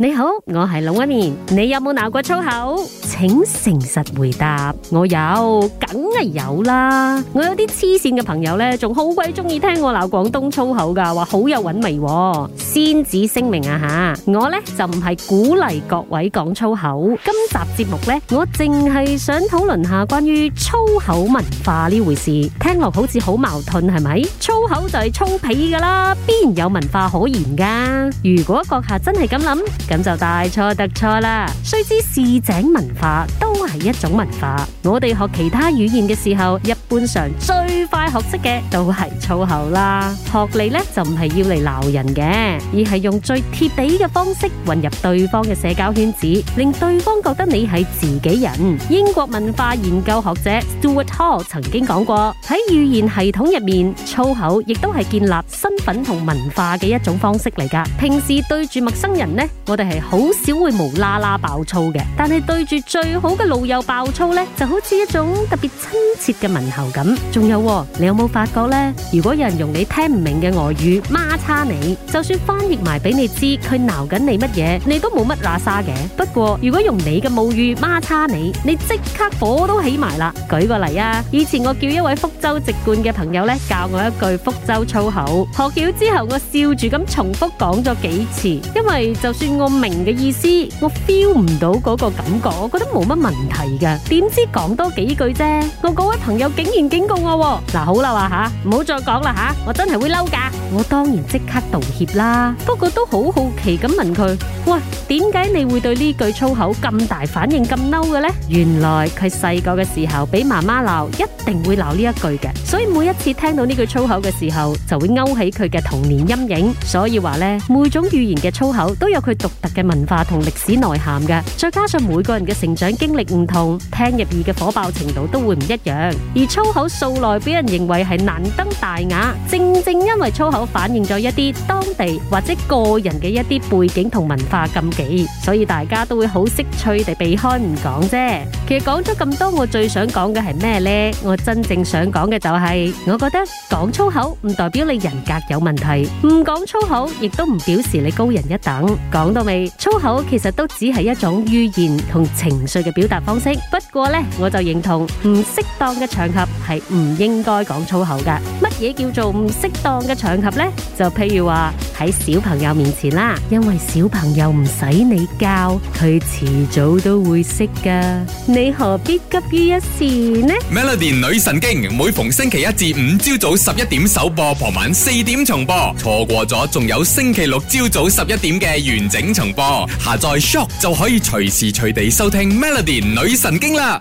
你好，我係龍紋敏。你有冇鬧過粗口？請誠實回答。我有，梗係有啦。我有啲黐線嘅朋友咧，仲好鬼中意聽我鬧廣東粗口噶，話好有韻味喎。先至聲明啊吓，我咧就唔係鼓勵各位講粗口。今集節目咧，我淨係想討論下關於粗口文化呢回事。聽落好似好矛盾，係咪？粗口就係粗鄙噶啦，邊有文化可言噶？如果閣下真係咁諗？咁就大錯特錯啦！須知市井文化都係一種文化，我哋學其他語言嘅時候，一般上最快學識嘅都係粗口啦。學嚟咧就唔係要嚟鬧人嘅，而係用最貼地嘅方式混入對方嘅社交圈子，令對方覺得你係自己人。英國文化研究學者 Stuart Hall 曾經講過，喺語言系統入面，粗口亦都係建立身份同文化嘅一種方式嚟噶。平時對住陌生人呢。我哋係好少會無啦啦爆粗嘅，但係對住最好嘅老友爆粗呢，就好似一種特別親切嘅問候咁。仲有，你有冇發覺呢？如果有人用你聽唔明嘅外語媽叉你，就算翻譯埋俾你知佢鬧緊你乜嘢，你都冇乜喇沙嘅。不過如果用你嘅母語媽叉你，你即刻火都起埋啦！舉個例啊，以前我叫一位福州籍貫嘅朋友呢，教我一句福州粗口，學了之後我笑住咁重複講咗幾次，因為就算我明嘅意思，我 feel 唔到嗰個感覺，我覺得冇乜問題噶。點知講多幾句啫，我嗰位朋友竟然警告我，嗱，好啦話吓，唔好再講啦吓，我真係會嬲噶。我當然即刻道歉啦，不過都好好奇咁問佢，喂，點解你會對呢句粗口咁大反應咁嬲嘅呢？原來佢細個嘅時候俾媽媽鬧，一定會鬧呢一句嘅，所以每一次聽到呢句粗口嘅時候，就會勾起佢嘅童年陰影。所以話呢，每種語言嘅粗口都有佢獨。獨特嘅文化同歷史內涵嘅，再加上每個人嘅成長經歷唔同，聽入耳嘅火爆程度都會唔一樣。而粗口素來，俾人認為係難登大雅，正正因為粗口反映咗一啲當地或者個人嘅一啲背景同文化禁忌，所以大家都會好識趣地避開唔講啫。其實講咗咁多，我最想講嘅係咩呢？我真正想講嘅就係，我覺得講粗口唔代表你人格有問題，唔講粗口亦都唔表示你高人一等。講。粗口，其實都只係一種語言同情緒嘅表達方式。不過呢，我就認同唔適當嘅場合係唔應該講粗口㗎。乜嘢叫做唔適當嘅場合呢？就譬如話。喺小朋友面前啦，因為小朋友唔使你教，佢遲早都會識㗎，你何必急於一時呢？Melody 女神經每逢星期一至五朝早十一點首播，傍晚四點重播，錯過咗仲有星期六朝早十一點嘅完整重播。下載 Shock 就可以隨時隨地收聽 Melody 女神經啦。